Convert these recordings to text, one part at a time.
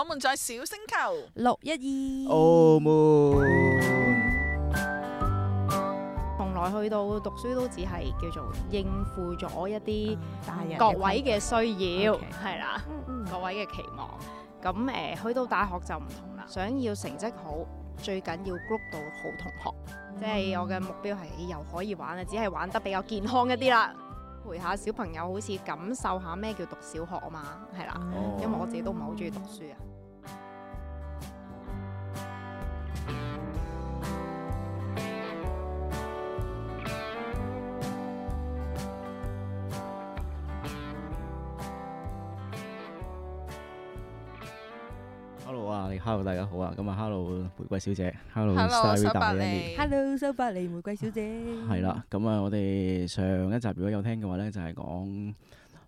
我們在小星球六一二澳門，從來去到讀書都只係叫做應付咗一啲各位嘅需要，係啦，各位嘅期望。咁誒，去到大學就唔同啦，想要成績好，最緊要 group 到好同學，即係我嘅目標係又可以玩啊，只係玩得比較健康一啲啦。陪下小朋友，好似感受下咩叫讀小學啊嘛，係啦，嗯、因為我自己都唔係好中意讀書啊。hello 大家好啊，咁啊 hello 玫瑰小姐，hello Starry 達尼，hello 蘇百里玫瑰小姐，係啦，咁啊我哋上一集如果有聽嘅話咧，就係、是、講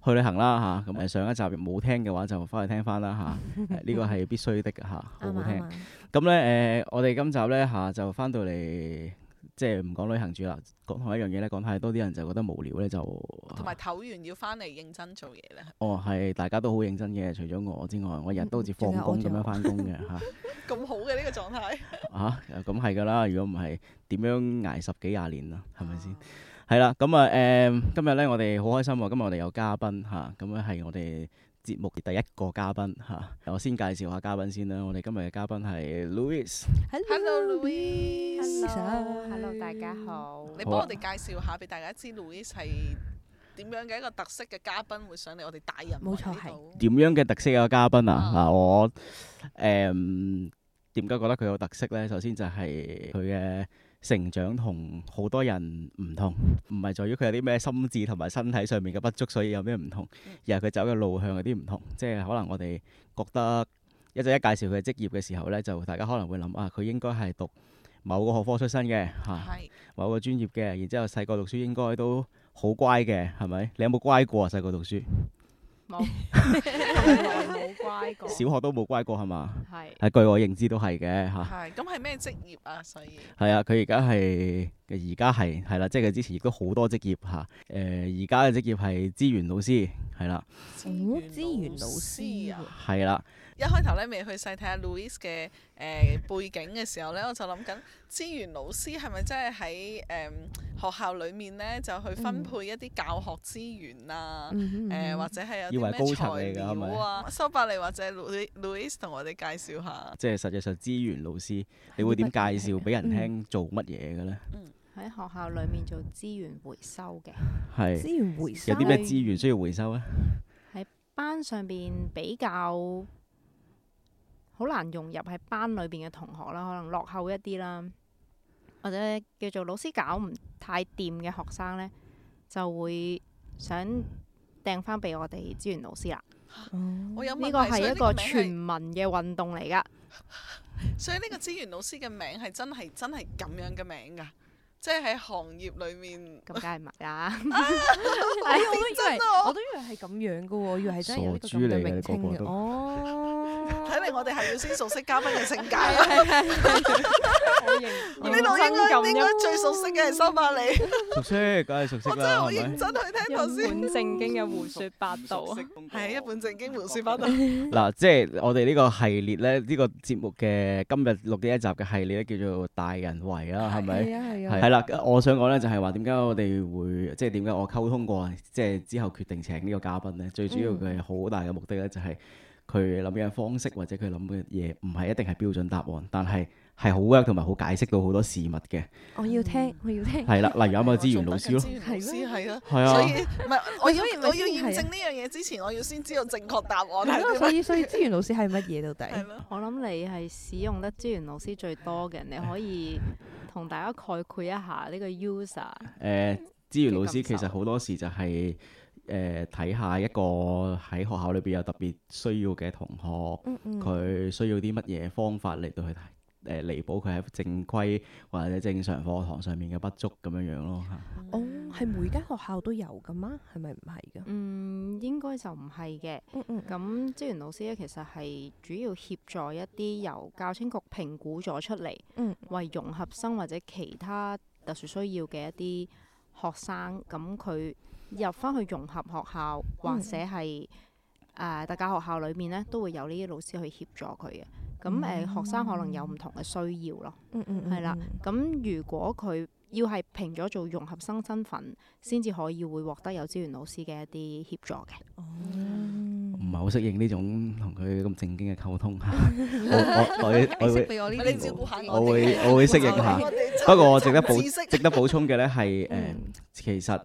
去旅行啦吓，咁啊上一集冇聽嘅話就翻去聽翻啦吓，呢、啊、 個係必須的吓，啊、 好好聽，咁咧誒我哋今集咧吓、啊、就翻到嚟。即係唔講旅行住啦，講同一樣嘢咧，講太多啲人就覺得無聊咧，就同埋唞完要翻嚟認真做嘢咧。哦，係大家都好認真嘅，除咗我之外，嗯、我日日都好似放工咁樣翻工嘅吓。咁好嘅呢個狀態。啊，咁係噶啦，如果唔係，點樣挨十幾廿年啊？係咪先？係啦，咁啊，誒，今日咧我哋好開心，今日我哋有嘉賓吓，咁啊係我哋。節目嘅第一個嘉賓嚇、啊，我先介紹下嘉賓先啦。我哋今日嘅嘉賓係 Louis。Hello Louis，Hello 大家好。你幫我哋介紹下俾、啊、大家知 Louis 係點樣嘅一個特色嘅嘉賓，會上嚟我哋大人，冇錯，係點樣嘅特色嘅嘉賓啊，嗱、啊、我誒點解覺得佢有特色咧？首先就係佢嘅。成長同好多人唔同，唔係在於佢有啲咩心智同埋身體上面嘅不足，所以有咩唔同，然後佢走嘅路向有啲唔同，即係可能我哋覺得一陣一介紹佢嘅職業嘅時候呢，就大家可能會諗啊，佢應該係讀某個學科出身嘅嚇，啊、是某個專業嘅，然之後細個讀書應該都好乖嘅，係咪？你有冇乖過啊？細個讀書？冇，冇 乖，乖過。小學都冇乖過係嘛？係是。據我認知都係嘅嚇。係。咁係咩職業啊？所以。係啊，佢而家係，而家係，係啦、啊，即係佢之前亦都好多職業嚇。誒、啊，而家嘅職業係資源老師，係啦、啊。哦，資源老師啊。係啦、啊。啊、一開頭咧，未去細睇下 Louis 嘅誒、呃、背景嘅時候咧，我就諗緊資源老師係咪真係喺誒？呃學校裡面咧就去分配一啲教學資源啊，誒、嗯呃、或者係有啲咩材料啊，是是收伯尼或者 Luis 同我哋介紹下。即係實際上資源老師，你會點介紹俾人聽做乜嘢嘅咧？嗯，喺學校裡面做資源回收嘅。係是。資源回收。有啲咩資源需要回收啊？喺班上邊比較好難融入喺班裏邊嘅同學啦，可能落後一啲啦，或者叫做老師搞唔太掂嘅學生咧，就會想掟翻俾我哋資源老師啦。嗯、我有呢個係一個全民嘅運動嚟噶。所以呢個資源老師嘅名係真係真係咁樣嘅名噶？即係喺行業裏面咁梗係唔得。哎，我都真係，我都以為係咁樣嘅喎，以為係真係有個咁嘅名稱嘅哦。睇嚟我哋係要先熟悉嘉賓嘅性格啊！我認呢度應該應該最熟悉嘅係蘇伯你。熟悉梗係熟悉啦。我真係好認真去聽頭先。一本正經嘅胡說八道。係一本正經胡說八道。嗱，即係我哋呢個系列咧，呢個節目嘅今日錄嘅一集嘅系列咧，叫做大人為啊，係咪？係啊係啊。係啦，我想講咧就係話點解我哋會即係點解我溝通過，即係之後決定請呢個嘉賓咧，最主要佢係好大嘅目的咧就係。佢諗嘅方式或者佢諗嘅嘢唔係一定係標準答案，但係係好嘅，同埋好解釋到好多事物嘅。我要聽，我要聽。係啦，例如有冇資源老師咯。資源老師係啊。係啊。所以唔係，我要我要驗證呢樣嘢之前，我要先知道正確答案。所以所以資源老師係乜嘢到底？係咯。我諗你係使用得資源老師最多嘅，你可以同大家概括一下呢個 user。誒，資源老師其實好多時就係。誒，睇下一個喺學校裏邊有特別需要嘅同學，佢、嗯嗯、需要啲乜嘢方法嚟到去誒、呃、彌補佢喺正規或者正常課堂上面嘅不足咁樣樣咯。哦，係每間學校都有㗎嘛？係咪唔係㗎？嗯，應該就唔係嘅。咁職員老師咧，其實係主要協助一啲由教青局評估咗出嚟，嗯、為融合生或者其他特殊需要嘅一啲學生，咁佢。入翻去融合學校，或者係誒、呃、特教學校裏面咧，都會有呢啲老師去協助佢嘅。咁誒學生可能有唔同嘅需要咯，係啦。咁如果佢要係評咗做融合生身份，先至可以會獲得有資源老師嘅一啲協助嘅。唔係好適應呢種同佢咁正經嘅溝通嚇。 我我 我，我，我，我會適應下。 不過我值得補值得補充嘅咧係誒， 嗯嗯、其實。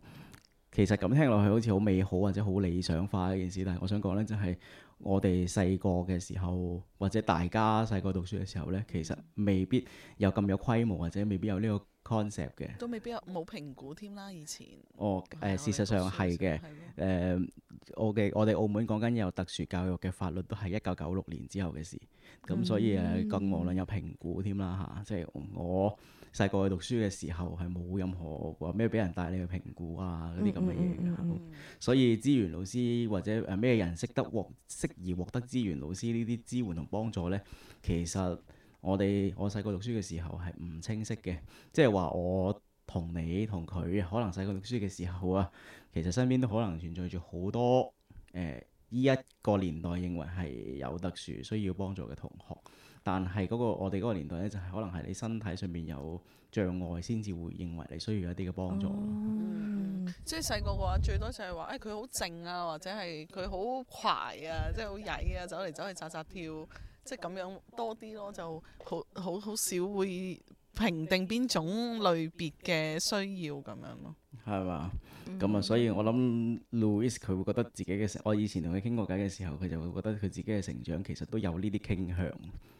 其實咁聽落去好似好美好或者好理想化一件事，但係我想講咧，就係我哋細個嘅時候，或者大家細個讀書嘅時候咧，其實未必有咁有規模，或者未必有呢個 Concept 嘅都未必有冇評估添啦，以前哦，誒、呃、事實上係嘅，誒、嗯的呃、我嘅我哋澳門講緊有特殊教育嘅法律都係一九九六年之後嘅事，咁所以誒更無論有評估添啦嚇，即係我細個去讀書嘅時候係冇任何話咩俾人帶你去評估啊嗰啲咁嘅嘢，所以資源老師或者誒咩人識得獲適宜獲得資源老師呢啲支援同幫助呢？其實。我哋我細個讀書嘅時候係唔清晰嘅，即係話我同你同佢，可能細個讀書嘅時候啊，其實身邊都可能存在住好多誒依一個年代認為係有特殊需要幫助嘅同學，但係嗰個我哋嗰個年代咧，就係可能係你身體上面有障礙先至會認為你需要一啲嘅幫助咯。嗯，即係細個嘅話，最多就係話誒佢好靜啊，或者係佢好快啊，即係好曳啊，走嚟走去紮紮跳。即係咁樣多啲咯，就好好好少會評定邊種類別嘅需要咁樣咯。係嘛吧？咁啊、mm.，所以我諗 Louis 佢會覺得自己嘅，成，我以前同佢傾過偈嘅時候，佢就會覺得佢自己嘅成長其實都有呢啲傾向。呢、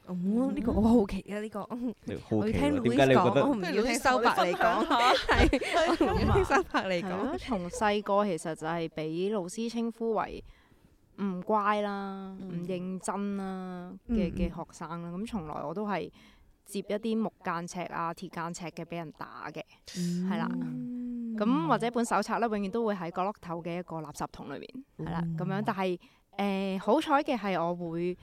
嗯嗯、個我好奇啊，呢個、啊、我要聽 Louis 講，我唔要聽修發嚟講嚇。係 對， 我唔要聽修發嚟講。從細個其實就係俾老師稱呼為，唔乖啦，唔、嗯、認真啦嘅嘅、嗯、學生啦，咁從來我都係接一啲木間尺啊、鐵間尺嘅俾人打嘅，係、嗯、啦，咁、嗯、或者本手冊咧，永遠都會喺角落頭嘅一個垃圾桶裏面，係、嗯、啦，咁樣。但係誒，好彩嘅係我會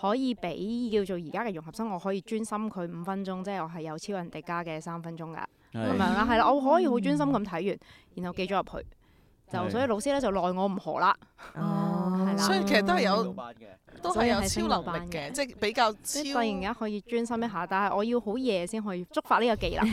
可以俾叫做而家嘅融合生，我可以專心佢五分鐘，即係我係有超人迪加嘅三分鐘噶，咁樣啦，係啦，我可以好專心咁睇完，然後記咗入去。就所以老師咧就奈我唔何啦，哦，所以其實都係有，都係有超能力嘅，即係比較。即係突然間可以專心一下，但係我要好夜先可以觸發呢個技能。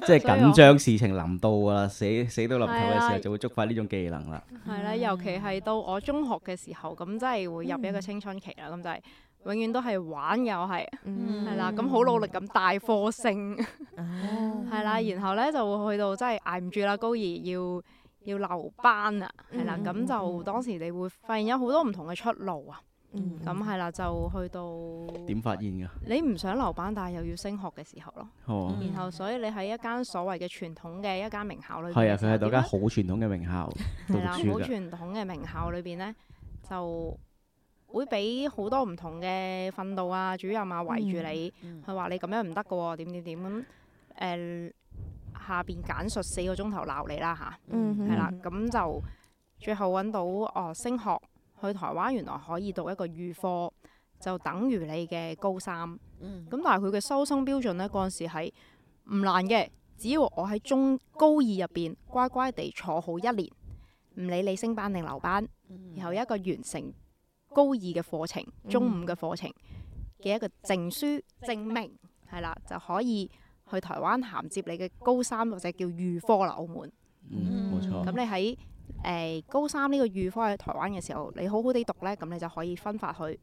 即係緊張事情臨到啊，死死到臨頭嘅時候就會觸發呢種技能啦。係啦，尤其係到我中學嘅時候，咁真係會入一個青春期啦，咁就係永遠都係玩又係，係啦，咁好努力咁大科升，係啦，然後咧就會去到真係捱唔住啦，高二要。要留班啊，係啦，咁、嗯嗯、就當時你會發現有好多唔同嘅出路啊，咁係啦，就去到點發現嘅？你唔想留班，嗯、但係又要升學嘅時候咯、啊。哦、然後所以你喺一間所謂嘅傳統嘅一間名校裏邊，係啊、嗯，佢係一間好傳統嘅名校，係啊、 嗯，好傳統嘅名校裏邊咧，就會俾好多唔同嘅訓導啊、主任啊圍住你，佢話你咁樣唔得嘅喎，點點點咁誒。下邊簡述四個鐘頭鬧你啦吓，係啦、mm，咁、hmm. 就最後揾到哦，升學去台灣原來可以讀一個預科，就等於你嘅高三。咁、mm hmm. 但係佢嘅收生標準呢，嗰陣時係唔難嘅，只要我喺中高二入邊乖乖地坐好一年，唔理你升班定留班，然後一個完成高二嘅課程、mm hmm. 中五嘅課程嘅一個證書證明，係啦就可以。去台灣銜接你嘅高三或者叫預科啦，澳門。嗯，冇錯、嗯。咁你喺誒、呃、高三呢個預科喺台灣嘅時候，你好好地讀呢，咁你就可以分發去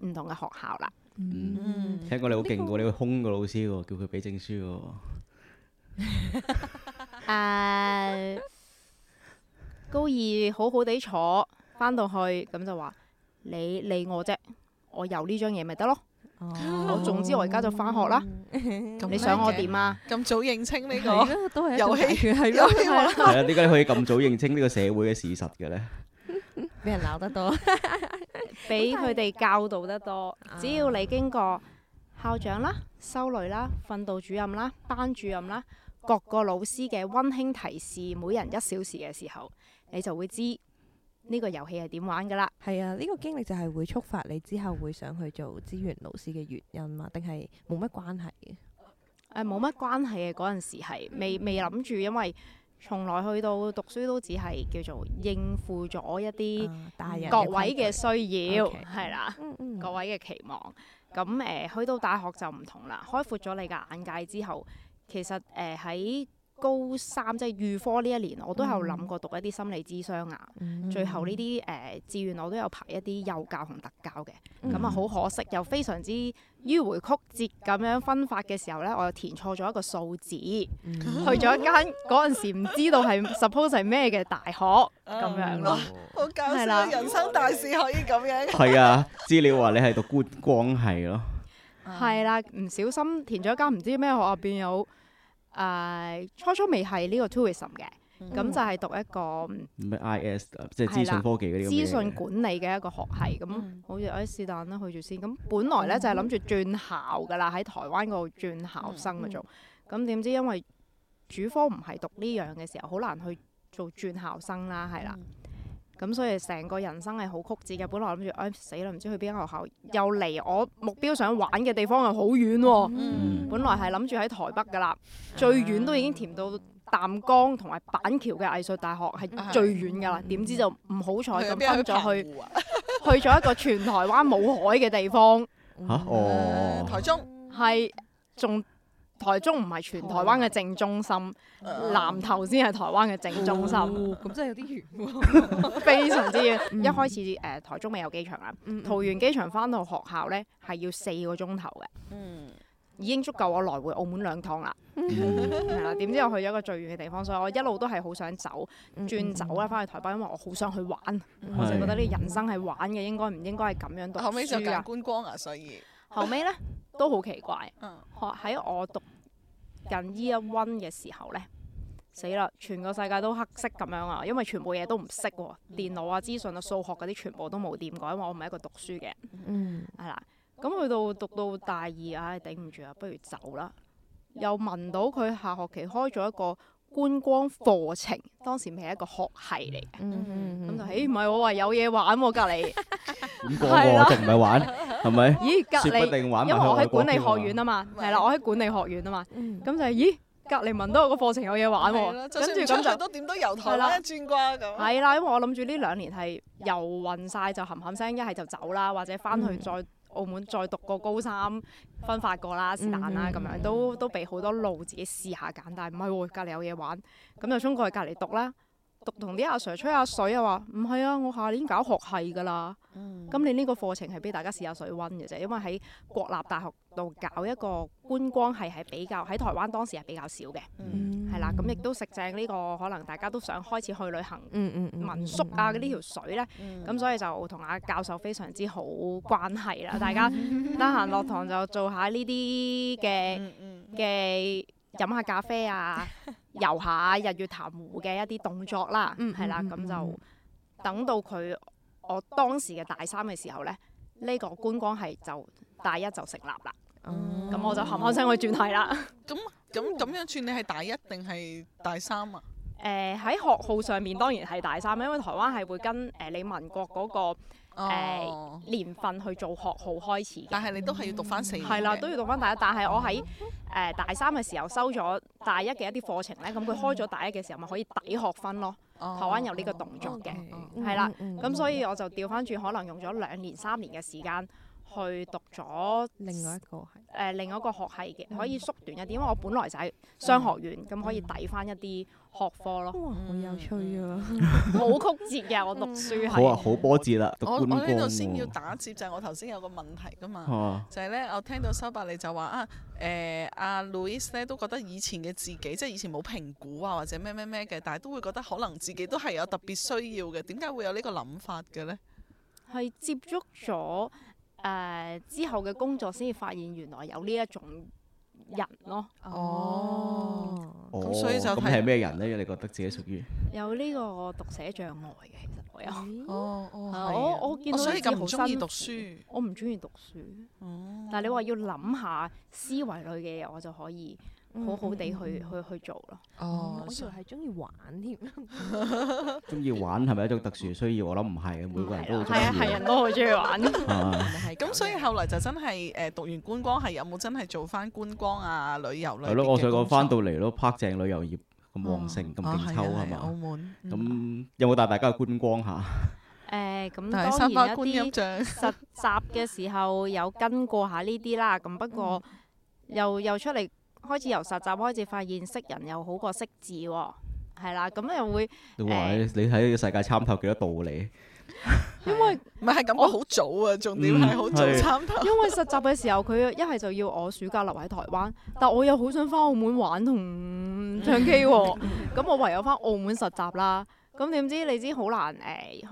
唔同嘅學校啦。嗯，聽過你好勁喎，這個、你會兇個老師喎、哦，叫佢俾證書喎。誒，高二好好地坐，翻到去咁就話你理我啫，我有呢張嘢咪得咯。哦，總之我而家就返學啦。你想我點啊？咁早認清呢個遊戲係咯，係啊？點解你可以咁早認清呢個社會嘅事實嘅呢？俾人鬧得多，俾佢哋教導得多。只要你經過校長啦、修女啦、訓導主任啦、班主任啦，各個老師嘅溫馨提示，每人一小時嘅時候，你就會知。呢個遊戲係點玩噶啦？係啊，呢、這個經歷就係會觸發你之後會想去做資源老師嘅原因嘛？定係冇乜關係嘅？冇乜、呃、關係嘅。嗰陣時係未未諗住，因為從來去到讀書都只係叫做應付咗一啲、啊、大人各位嘅需要，係 Okay. 啦，嗯、各位嘅期望。咁誒、呃，去到大學就唔同啦，開闊咗你嘅眼界之後，其實誒喺～、呃高三即係預科呢一年，我都有諗過讀一啲心理諮商啊。最後呢啲誒志願，我都有排一啲幼教同特教嘅。咁啊，好可惜，又非常之迂迴曲折咁樣分發嘅時候呢，我又填錯咗一個數字，嗯、 去咗一間嗰陣時唔知道係 suppose 係咩嘅大學咁樣咯。好搞笑，人生大事可以咁樣。係啊，資料話你係讀觀光係咯。係啦，唔小心填咗一間唔知咩學校，邊有。誒，uh, 初初未係呢個 tourism 嘅，咁就係讀一個咩、嗯啊、IS 即係資訊科技嗰啲資訊管理嘅一個學系，咁、嗯、好似誒是但啦去住先，咁本來咧就係諗住轉校噶啦，喺台灣嗰度轉校生嘅做，咁點、嗯、知因為主科唔係讀呢樣嘅時候，好難去做轉校生啦，係啦。嗯咁所以成個人生係好曲折嘅。本來諗住唉死啦，唔知去邊間學校，又離我目標想玩嘅地方又好遠喎、哦。嗯、本來係諗住喺台北㗎啦，嗯、最遠都已經填到淡江同埋板橋嘅藝術大學係、嗯、最遠㗎啦。點、嗯、知就唔好彩咁分咗去，去、啊，去咗一個全台灣冇海嘅地方。 啊、哦！台中係仲。台中唔係全台灣嘅正中心，南投先係台灣嘅正中心。咁真係有啲遠喎，非常之遠。一開始誒，台中未有機場啊，桃園機場翻到學校咧係要四個鐘頭嘅，已經足夠我來回澳門兩趟啦。係啦，點知我去咗一個最遠嘅地方，所以我一路都係好想走，轉走啦，翻去台北，因為我好想去玩，我就覺得呢人生係玩嘅，應該唔應該係咁樣讀書尾後尾就揀觀光啊，所以後尾咧。都好奇怪，嗯、學喺我讀緊 year one 嘅時候呢，死啦！全個世界都黑色咁樣啊，因為全部嘢都唔識喎，電腦啊、資訊啊、數學嗰啲全部都冇掂過，因為我唔係一個讀書嘅，係啦、嗯。咁去、嗯、到讀到大二，唉、哎，頂唔住啊，不如走啦。又聞到佢下學期開咗一個。觀光課程當時未係一個學系嚟嘅，咁就咦，唔係我話有嘢玩喎，隔籬，觀光唔係玩，係咪？咦，隔籬，因為我喺管理學院啊嘛，係啦，我喺管理學院啊嘛，咁就咦，隔籬問到我個課程有嘢玩喎，咁就咁就都點都游台咧轉瓜咁，係啦，因為我諗住呢兩年係游暈晒就冚冚聲一係就走啦，或者翻去再。澳門再讀個高三分發過啦，是但啦咁樣，都都俾好多路自己試下揀，但係唔係喎，隔離有嘢玩，咁就衝過去隔離讀啦。讀同啲阿 Sir 吹下水啊，話唔係啊，我下年搞學系噶啦。咁你呢個課程係俾大家試下水溫嘅啫，因為喺國立大學度搞一個觀光係係比較喺台灣當時係比較少嘅，係啦、嗯。咁亦都食正呢個，可能大家都想開始去旅行，民宿啊呢條水呢。咁、嗯嗯嗯、所以就同阿教授非常之好關係啦。嗯、大家得閒落堂就做下呢啲嘅嘅飲下咖啡啊。 游下日月潭湖嘅一啲動作啦，係啦，咁就等到佢我當時嘅大三嘅時候咧，呢、這個觀光係就大一就成立啦。咁、嗯嗯、我就喊開聲去轉係啦。咁咁咁樣算，你係大一定係大三啊？誒喺、呃、學號上面當然係大三，因為台灣係會跟誒、呃那個呃、你民國嗰個年份去做學號開始。但係你都係要讀翻四年。係啦、嗯，都要讀翻大一，但係我喺誒、呃、大三嘅時候收咗大一嘅一啲課程咧，咁、嗯、佢、嗯、開咗大一嘅時候咪可以抵學分咯。哦、台灣有呢個動作嘅，係啦，咁所以我就調翻轉，可能用咗兩年、三年嘅時間。去讀咗另外一個係誒，另外一個學系嘅可以縮短一點，因為我本來就係商學院咁，可以抵返一啲學科咯。好有趣啊，冇曲折嘅我讀書係好啊，好波折啦。我呢度先要打折就係我頭先有個問題㗎嘛，就係咧我聽到修伯你就話啊誒阿 Louis 咧都覺得以前嘅自己即係以前冇評估啊或者咩咩咩嘅，但係都會覺得可能自己都係有特別需要嘅，點解會有呢個諗法嘅咧？係接觸咗。誒、uh, 之後嘅工作先至發現原來有呢一種人咯。哦，咁所以就係咁係咩人咧？你覺得自己屬於有呢個讀寫障礙嘅，哦哦、其實我有。哦哦，哦哎啊、我我見到你咁好中意、哦、讀書，我唔中意讀書。但係你話要諗下思維類嘅嘢，我就可以。好好地去去去做咯、 嗯。我仲係中意玩添，中 意玩係咪一種特殊嘅需要？我諗唔係每個人都好中意。係啊，係人都好中意玩。係咁， 所以後嚟就真係誒讀完觀光係有冇真係做翻觀光啊旅遊呢係咯，我想講翻到嚟咯拍正旅遊業咁旺盛、咁勁秋係嘛？澳門咁、嗯、有冇帶大家去觀光下？誒咁、 呃嗯、當然一啲實習嘅時候有跟過下呢啲啦。咁不過又、 嗯、又出嚟。開始由實習開始發現識人又好過識字喎、哦，係啦，咁又會哇、欸、你睇呢個世界參透幾多道理、啊？因為唔係係咁，我好早啊，重點係好早參透。因為實習嘅時候，佢一係就要我暑假留喺台灣，但我又好想翻澳門玩同唱 K 喎、哦，咁 我唯有翻澳門實習啦。咁點知你知好難誒？欸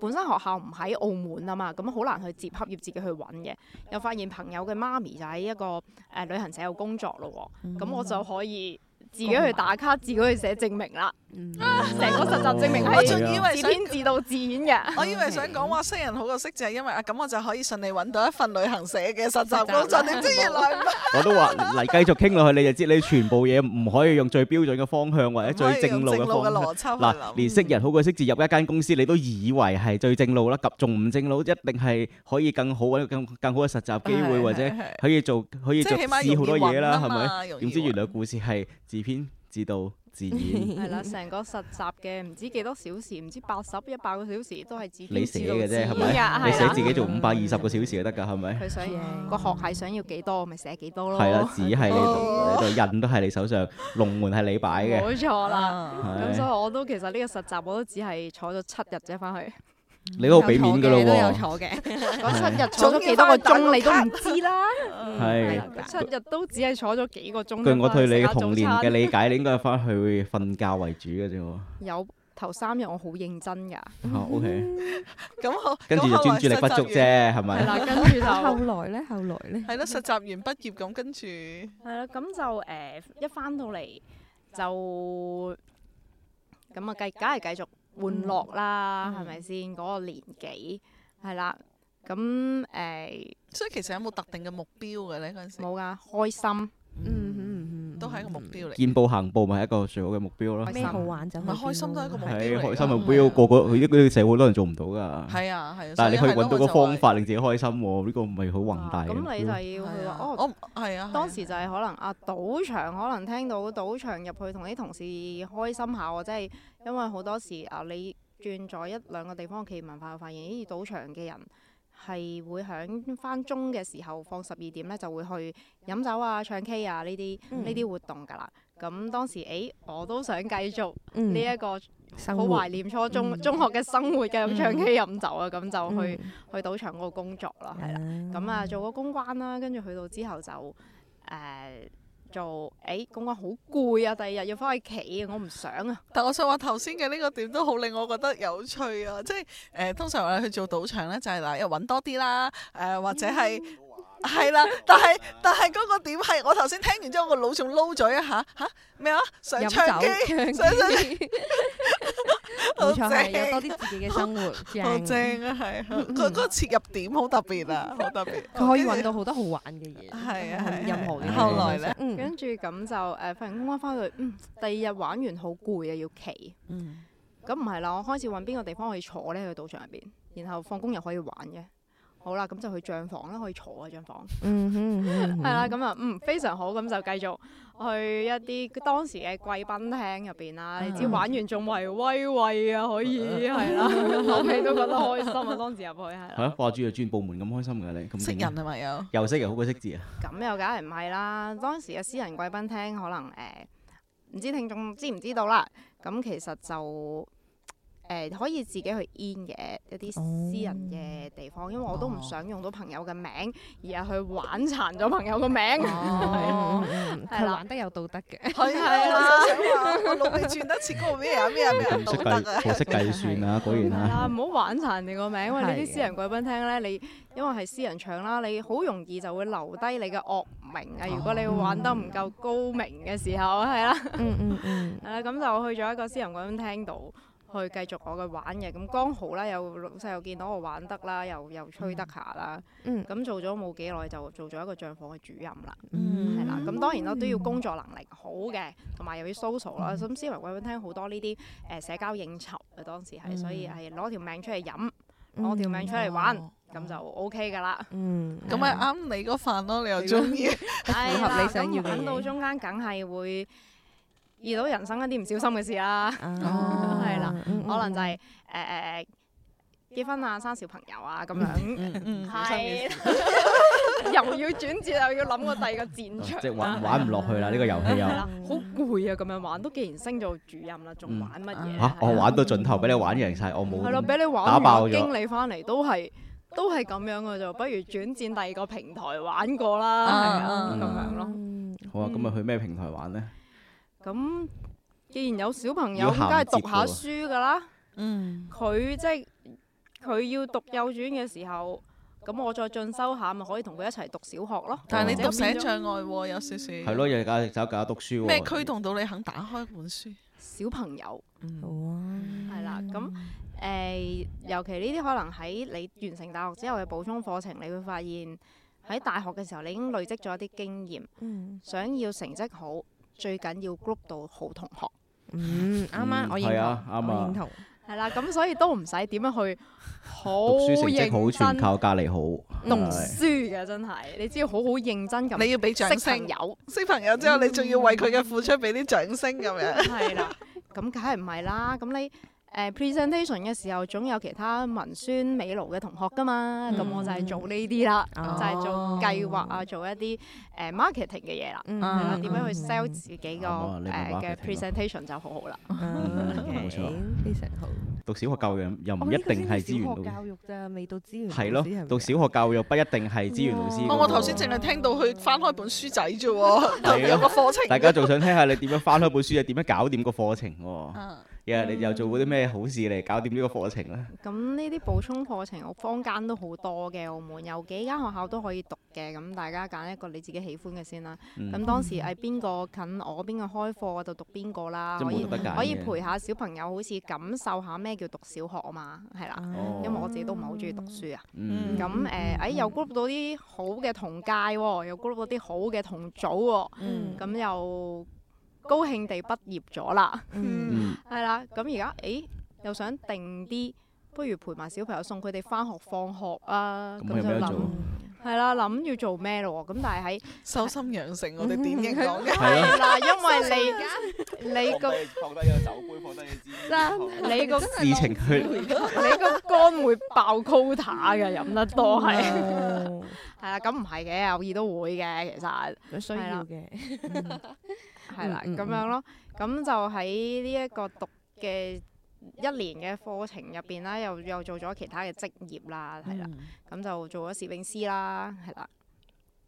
本身學校唔喺澳門啊嘛，咁好難去接合業自己去揾嘅。又發現朋友嘅媽咪就喺一個、呃、旅行社度工作咯，咁、嗯、我就可以。自己去打卡，自己去寫證明啦。成個實習證明我仲以為自編自導自演嘅。我以為想講話識人好過識字，因為咁我就可以順利揾到一份旅行社嘅實習工作。你知原來我都話嚟繼續傾落去，你就知你全部嘢唔可以用最標準嘅方向，或者最正路嘅方向邏輯。嗱，連識人好過識字入一間公司，你都以為係最正路啦，及仲唔正路一定係可以更好更好嘅實習機會，或者可以做可以觸試好多嘢啦，係咪？點知原來故事係自編自導自演係 啦，成個實習嘅唔知幾多小時，唔知八十一百個小時都係自己寫嘅啫，係咪？吧你寫自己做五百二十個小時就得噶，係咪啊？佢想嘢，個、啊啊、學係想要幾多，咪寫幾多咯。係啦，紙係你度， 印都係你手上，龍門係你擺嘅。冇錯啦，咁 是所以我都其實呢個實習我都只係坐咗七日啫，翻去。 你都好俾面嘅咯喎，都有坐嘅，嗰七日坐咗幾多個鐘你都唔知啦，係七日都只係坐咗幾個鐘。據我對你嘅童年嘅理解，你應該係翻去瞓覺為主嘅啫喎。有頭三日我好認真噶，吓 OK，咁我跟住就專注力不足啫，係咪？係啦，跟住到後來咧，後來咧，係啦，實習完畢業咁，跟住係啦，咁就誒一翻到嚟就咁啊，繼梗係繼續。玩樂啦，係咪先？嗰、那個年紀係啦，咁、嗯、誒，哎、所以其實有冇特定嘅目標嘅咧？陣、那個、時冇噶、啊，開心。嗯哼。嗯都係一個目標嚟、嗯，見步行步咪係一個最好嘅目標咯。咩好玩就咪開心都係一個目標，嗯、開心咪唔要個個。依啲社會多人做唔到㗎。係啊係啊，但係你可以揾到個方法令自己開心喎，呢個唔係好宏大。咁、啊嗯、你就要去話哦、 ah,，我係啊，當時就係可能啊，賭場可能聽到賭場入去同啲同事開心下喎，即係對 因為好多時啊，你轉咗一兩個地方嘅企業文化，發現咦，啲、哎、賭場嘅人。係會喺翻中嘅時候放十二點呢，就會去飲酒啊、唱 K 啊呢啲呢啲活動噶啦。咁當時誒、欸、我都想繼續呢、這、一個好、嗯、懷念初中、嗯、中學嘅生活嘅咁唱 K 飲酒啊，咁、嗯、就去、嗯、去賭場嗰個工作啦，係啦。咁、嗯嗯、啊，做個公關啦，跟住去到之後就誒。呃做，哎，咁我好攰啊！第二日要翻去企，我唔想啊！但我想話頭先嘅呢個點都好令我覺得有趣啊！即係，誒、呃，通常我哋去做賭場咧、就是，就係嗱，又搵多啲啦，誒、呃，或者係，係 啦，但係但係嗰個點係，我頭先聽完之後，個腦仲撈咗一下：「吓咩啊？想唱機。 冇錯，係有多啲自己嘅生活，好正啊！係，佢個切入點好特別啊，好特別。佢 可以搵到好多好玩嘅嘢，係係 嗯、任何嘢。後來咧，嗯，跟住咁就誒，翻完工翻去，嗯，第二日玩完好攰啊，要企！嗯，咁唔係啦，我開始搵邊個地方可以坐咧？去賭場入邊，然後放工又可以玩嘅。好啦，咁就去帳房啦，可以坐啊帳房。嗯哼，係啦，咁啊，嗯，非常好，咁就繼續去一啲當時嘅貴賓廳入邊啊。你知，玩完仲為威惠啊，可以係啦，諗起都覺得開心啊。 當時入去係。嚇！ 掛住啊，轉部門咁開心嘅你，咁識人啊嘛又。又識啊，好過識字啊。咁 又梗係唔係啦？當時嘅私人貴賓廳可能誒，唔知聽眾知唔知道啦？咁其實就。誒可以自己去 in 嘅一啲私人嘅地方，因為我都唔想用到朋友嘅名，而係去玩殘咗朋友個名，係玩得有道德嘅。係係啊，我腦皮轉得似個咩啊咩啊唔道德！我識計算啊，果然啊，唔好玩殘人哋個名，因為呢啲私人貴賓廳咧，你因為係私人場啦，你好容易就會留低你嘅惡名啊！如果你玩得唔夠高明嘅時候，係啦，嗯嗯咁就去咗一個私人貴賓廳度。去繼續我嘅玩嘅，咁剛好啦，又老細又見到我玩得啦，又又吹得下啦，咁做咗冇幾耐就做咗一個帳房嘅主任啦，係啦，咁當然啦，都要工作能力好嘅，同埋又要 social 啦，咁思文貴賓廳好多呢啲誒社交應酬嘅當時係，所以係攞條命出嚟飲，攞條命出嚟玩，咁就 O K 噶啦，咁咪啱你嗰份咯，你又中意，你想要嘅。到中間，梗係會。遇到人生一啲唔小心嘅事啦，係啦，可能就係誒誒結婚啊，生小朋友啊咁樣，係又要轉戰又要諗個第二個戰場，即係玩玩唔落去啦，呢個遊戲又好攰啊，咁樣玩都既然升做主任啦，仲玩乜嘢？吓，我玩到盡頭，俾你玩贏晒，我冇係咯，俾你打爆經理翻嚟都係都係咁樣嘅，就不如轉戰第二個平台玩過啦，係啊，咁樣咯。好啊，咁咪去咩平台玩咧？咁既然有小朋友，梗係讀下書㗎啦。嗯。佢即係佢要讀幼稚園嘅時候，咁我再進修下，咪可以同佢一齊讀小學咯。但係你讀寫障礙，有少少。係咯、嗯，又係搞又走架讀書。咩驅動到你肯打開本書？小朋友。哇、嗯。係啦，咁誒、呃，尤其呢啲可能喺你完成大學之後嘅補充課程，你會發現喺大學嘅時候，你已經累積咗一啲經驗。嗯、想要成績好。最緊要 group 到好同學，嗯，啱啊、嗯，我認同，啊、認同，係啦、嗯，咁所以都唔使點樣去好 好，好，全靠隔離好讀書嘅對真係，你只要好好認真咁，你要俾掌聲，友，識朋友之後，你仲要為佢嘅付出俾啲掌聲咁樣，係、嗯、 啦，咁梗係唔係啦，咁你。誒 presentation 嘅時候總有其他文宣美勞嘅同學㗎嘛，咁我就係做呢啲啦，就係做計劃啊，做一啲誒 marketing 嘅嘢啦，係啦，點樣去 sell 自己個誒嘅 presentation 就好好啦，冇錯，非常好。讀小學教育又唔一定係資源老師，讀小學教育咋未到資源？係咯，讀小學教育不一定係資源老師。我我頭先淨係聽到佢翻開本書仔啫喎，有個課程。大家仲想聽下你點樣翻開本書仔，點樣搞掂個課程喎？你又做過啲咩好事嚟搞掂呢個課程咧？咁呢啲補充課程，我坊間都好多嘅。澳門有幾間學校都可以讀嘅，咁大家揀一個你自己喜歡嘅先啦。咁當時係邊個近我邊個開課我就讀邊個啦，可以可以陪下小朋友，好似感受下咩叫讀小學啊嘛，係啦。因為我自己都唔係好中意讀書啊。咁誒，誒又 group 到啲好嘅同屆喎，又 group 到啲好嘅同組喎。咁又。高興地畢業咗啦，係啦，咁而家誒又想定啲，不如陪埋小朋友送佢哋返學放學啊，咁就諗，係啦，諗要做咩咯？咁但係喺修心養性，我哋電影講嘅係啦，因為你你個放低個酒杯，放低你真，你個事情去，你個肝會爆高塔嘅，飲得多係，係啦，咁唔係嘅，偶爾都會嘅，其實需要嘅。係啦，咁樣咯，咁就喺呢一個讀嘅一年嘅課程入邊啦，又又做咗其他嘅職業啦，係啦，咁就做咗攝影師啦，係啦，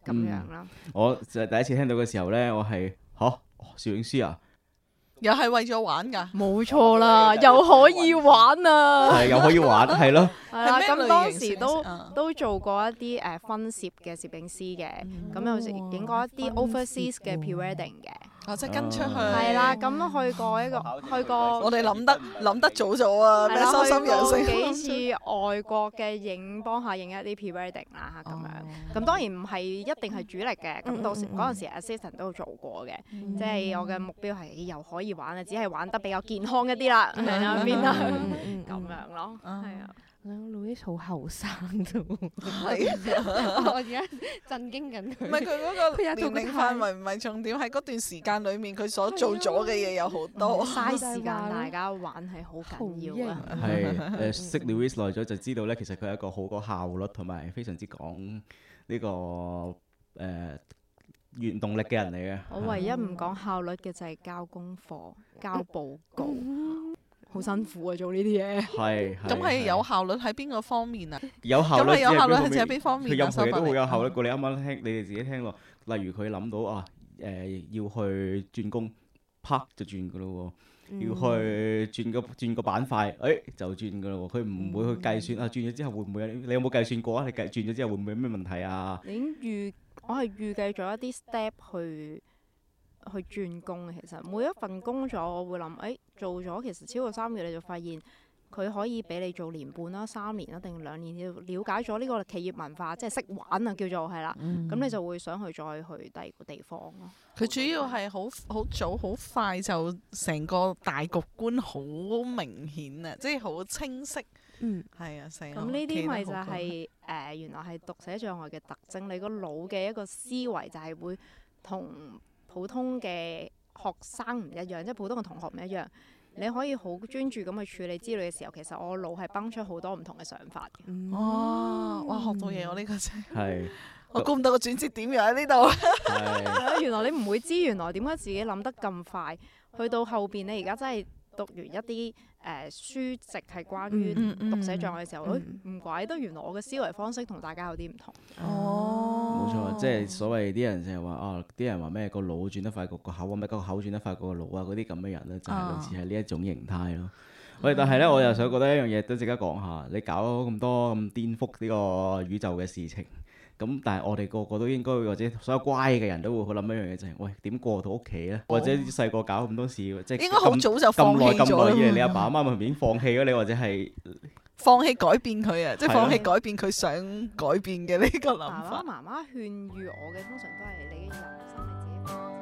咁、嗯、樣啦。我就第一次聽到嘅時候咧，我係嚇、啊哦、攝影師啊，又係為咗玩㗎，冇錯啦，又可以玩啊，係 又可以玩，係咯。係啊， 咁當時都都做過一啲誒婚攝嘅攝影師嘅，咁有時影過一啲 overseas 嘅 pre-wedding 嘅。嗯啊！即跟出去係啦，咁去過一個，去過。我哋諗得諗得早咗啊！咩收心養性？我幾次外國嘅影幫下影一啲 pre-wedding 啦，咁樣。咁當然唔係一定係主力嘅。咁到時嗰陣時 assistant 都做過嘅，即係我嘅目標係又可以玩啊，只係玩得比較健康一啲啦，係啊，變得咁樣咯，係啊。兩個 Lewis 好後生都係，呵呵 我而家震驚緊佢。唔係佢嗰個年齡範圍唔係重點，喺嗰段時間裡面佢所做咗嘅嘢有好多。嘥、啊、 時間大家玩係好緊要 啊！係誒識 Lewis 耐咗就知道咧，其實佢係一個好過效率，這個呃、一講效率同埋非常之講呢個誒原動力嘅人嚟嘅。我唯一唔講效率嘅就係交功課、交報告。嗯嗯好辛苦啊，做呢啲嘢。係，咁係有效率喺邊個方面啊？有效率， 有效率係喺邊方面啊？佢任何嘢都好有效率、嗯、過，你啱啱聽，你哋自己聽咯。例如佢諗到啊，誒、呃、要去轉工，啪就轉噶咯喎。嗯、要去轉個轉個板塊，哎就轉噶咯喎。佢唔會去計算、嗯、啊，轉咗之後會唔會有？你有冇計算過啊？你計轉咗之後會唔會有咩問題啊？你已經預，我係預計咗一啲 step 去。去轉工其實每一份工作我會諗，誒、哎、做咗其實超過三個月你就發現佢可以俾你做年半啦、三年啦，定兩年要了解咗呢個企業文化，即係識玩啊，叫做係啦。咁、嗯、你就會想去再去第二個地方咯。佢主要係好好早好快就成個大局觀好明顯啊，即係好清晰。嗯，係啊，咁呢啲咪就係、是、誒、呃、原來係讀寫障礙嘅特徵，你個腦嘅一個思維就係會同。普通嘅學生唔一樣，即係普通嘅同學唔一樣。你可以好專注咁去處理資料嘅時候，其實我腦係崩出好多唔同嘅想法嘅。哇、哦！嗯、哇！學到嘢，嗯、我呢、呢個真係。是我估唔到個轉折點又喺呢度。是 原來你唔會知，原來點解自己諗得咁快，去到後邊你而家真係。讀完一啲誒、呃、書籍係關於讀寫障礙嘅時候，唔、嗯嗯嗯、怪得原來我嘅思維方式同大家有啲唔同。哦，冇錯，哦，即係所謂啲人成日話啊，啲人話咩個腦轉得快過個口啊，咪個口轉得快過個腦啊，嗰啲咁嘅人咧，就係類似係呢一種形態咯。哦、喂，但係咧，我又想覺得一樣嘢都值得講下，你搞咁多咁顛覆呢個宇宙嘅事情。咁、嗯、但係我哋個個都應該會或者所有乖嘅人都會去諗一樣嘢就係、是，喂，點過到屋企咧？哦、或者啲細個搞咁多事，即係應該好早就放棄咗。咁耐嘅你阿爸阿媽咪已經放棄咗你，或者係放棄改變佢啊？嗯、即係放棄改變佢的想改變嘅呢個諗法。爸爸媽媽，媽媽勸喻我嘅通常都係你嘅男生自己。你